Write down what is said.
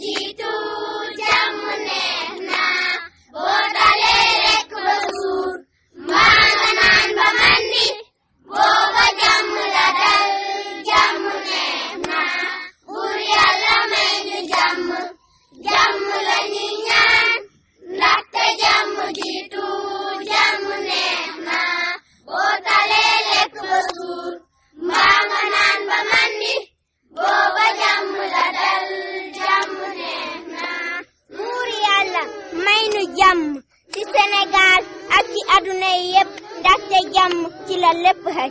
Haji jàmm ci Sénégal ak ci àdduna yépp ndaxte jàmm ci la lépp xaj